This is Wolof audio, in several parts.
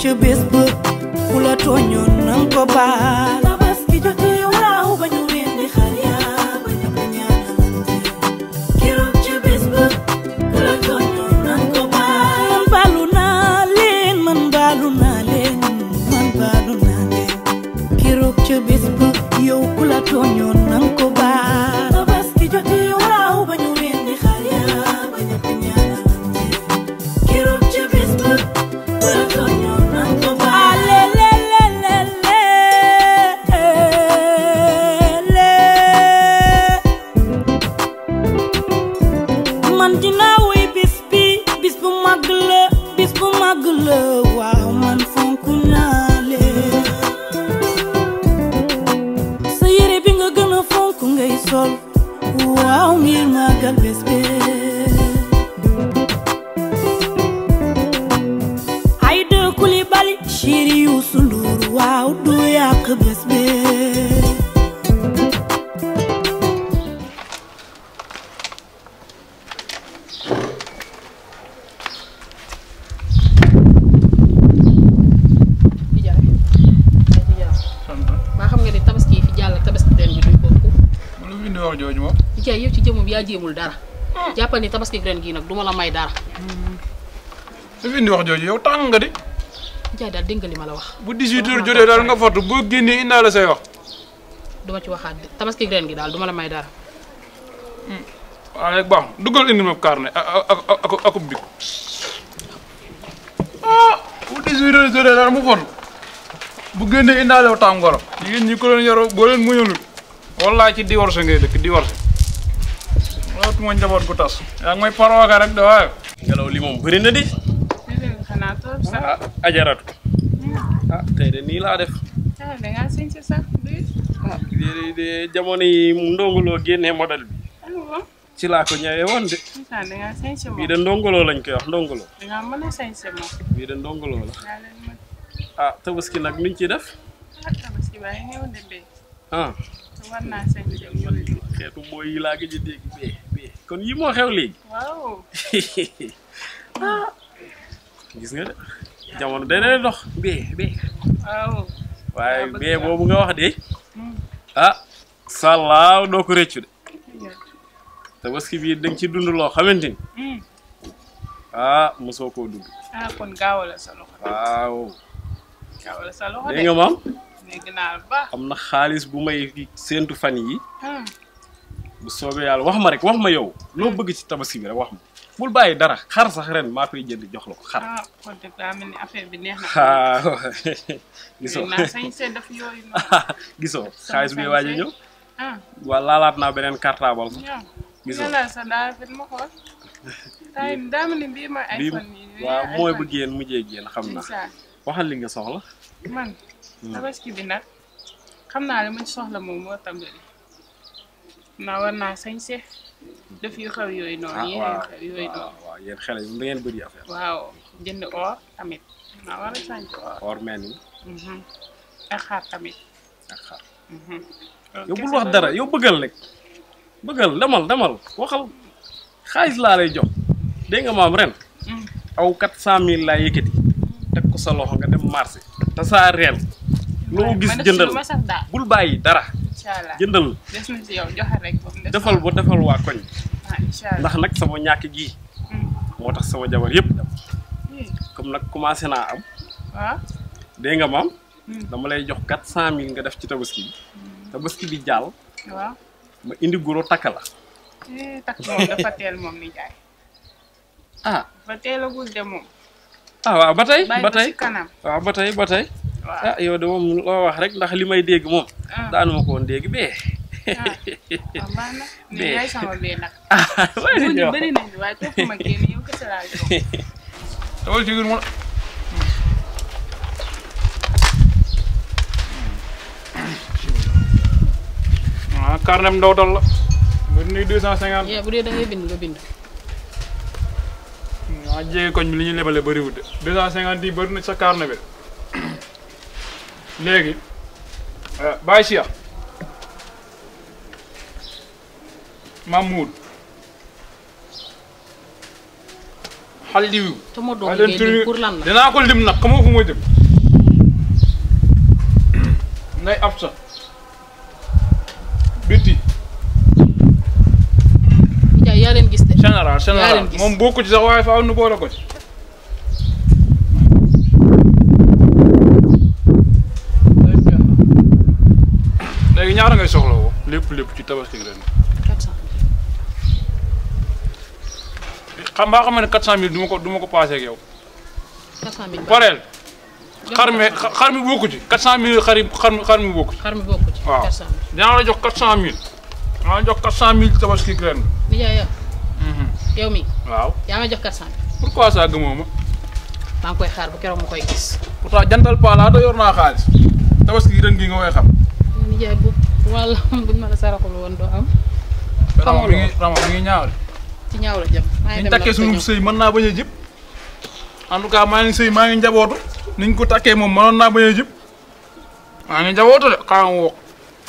ci bés bu ku la tooñoon nanga ko baal man dinaa wuy bis bi mag la bis mag la waaw man fonk naa leen sa bi nga gën a fonk sol waaw ngir màggal bés bi ay dë Coulibaly Sidy Youssou Ndour waaw du yàq bés bi wax jooju moom. Ndiaye yow ci jëmmum yaa jéemul dara. Hmm. jàppal ni tabaski ren gii nag duma la may dara. su hmm. wax jooju yow tàng nga di. Ndiaye la wax. bu 18h jotee daal nga fottu boo génnee indaa say wax. duma ci waxaat de tabaski gi daal duma la may dara. Hmm. waaw léegi baax ah, mu fottu bu génnee indaa la jigéen ñi ko doon yaroo boo leen muñalul. wallaay ci divorce ngay dëkk divorce loolu mooy njaboot gu tas yaa ngi may parooga rek de waaye ngelaw li moom bëri na di ah ajaratu hmm. ah tey de nii laa def ah, ah, de de jamono yi mu ndongoloo génnee modèle bi ah, ci laa ko ñëwee woon de bii de ndongoloo lañ koy wax ndongoloo bii de ndongoloo la ah tabaski nag nuñ ci def ah war naa xeetu booy yi laa gëj a dégg kon yi moo xew léegi. waaw. Ah. gis nga de jamono dee dox waaye bee boobu nga wax de. Hmm. ah sàllaaw doo ko rëccu de. tabaski bii da ci dund loo xamante ni. Hmm. ah mosoo dund. Ah, kon gaawala sa loxo. waaw. gaawala sa loxo de nga maam. am na xaalis bu may séentu fan yi hmm. bu soobee yàlla wax ma rek wax ma yow loo bëgg ci tabaski bi rek wax ma bul bàyyi dara xar sax ren maa koy jënd jox la ko xar. ah bi neex na. ah gisoo gisoo xaalis bi waaj ñëw. Ah. waaw laalaat naa beneen cartable sax. gisoo bii waaw mooy bu génn mujjee génn xam naa. waxal li nga soxla. man. Hmm. tabaski bi nag xam naa li ma soxla moom moo tàmbali. naa war naa sañse def yu xew yooyu noonu. ah waaw yooyu noonu. waaw yéen yi da ngeen waaw jënd or tamit. naa war a sañse or. or mel ni. Mhm. tamit. ak mhm. bul wax dara yow bëggal rek. bëggal demal demal waxal xaalis laa lay jox dégg nga maam ren. Mhm. aw quatre cent mille laa teg ko sa loxo nga dem marché tasaareel. loo gis jëndal bul bàyyi dara. incha allah jëndal des na ci yow joxe rek defal ba defal waa koñ. Ah, ndax nag sama ñàkk gi hmm. moo tax sama jabar yëpp hmm. comme nag commencé naa am. waaw dégg nga maam. Hmm. dama lay jox quatre cent mille nga def ci tabaski bi. tabaski bi jàll. waaw ma indi goro eh, takk la. ah ah waaw ba tey ba tey waaw ba tey ba tey moom loo wax rek ndax li may dégg moom ah. daanu ma ko dégg bee ah, bee ah, tawal ci gën moom ah carnet la bu dee deux bind maa jege koñ bi li ñu lebale bëriwul de deux cent cinquante yi bëri na sa carnet bi léegi euh, Baye Cheikh Mahmoud xalliwu sama doom bi pour lan ko lim nag xamoo fu ma jëm nday Absa général général moom bokku ci sax waaye faaw nu boole ko léegi ñaara ngay soxla woo lépp lépp ci tabaski ren. xam mbaa xam ne 400000 du ma ko du ko paase ak yow. 400000 pareel. xar mi xar mi bokku ci 400000 xar yi xar mi xar mi bokku ci. xar mi bokku ci 400000 waaw dinaa Mm-hmm. yow mi waaw yaa ma jox 400. pourquoi ça gëmoo ma. maa ngi koy xaar ba keroog ma koy gis. pourtant jantal paa a te yor naa xaalis tabaski ren gi nga koy xam. nijaay bu wàll buñ ma la saraxul woon doo am. xamoo takkee suñu sëy mën naa bañ a jib. en tout cas maa ngi sëy maa ngi njabootu ni ñu ko takkee moom mënoon naa bañ a jib. maa ngi njabootu de xaaral ma woo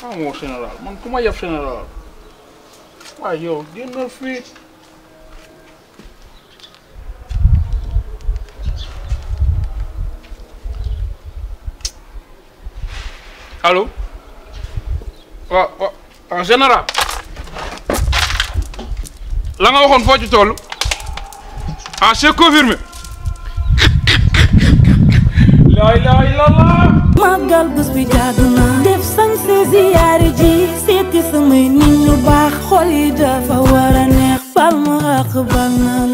xaaral ma woo général man ku ma yeb général waaye yow génn fii. allo waaw waaw en général la nga waxoon foo ci toll ah c'est confirmé. la ilaha illallah. màggal bés bi jaadu def sañ se ziyaare ji seeti samay nit ñu baax neex bal ma àq bal na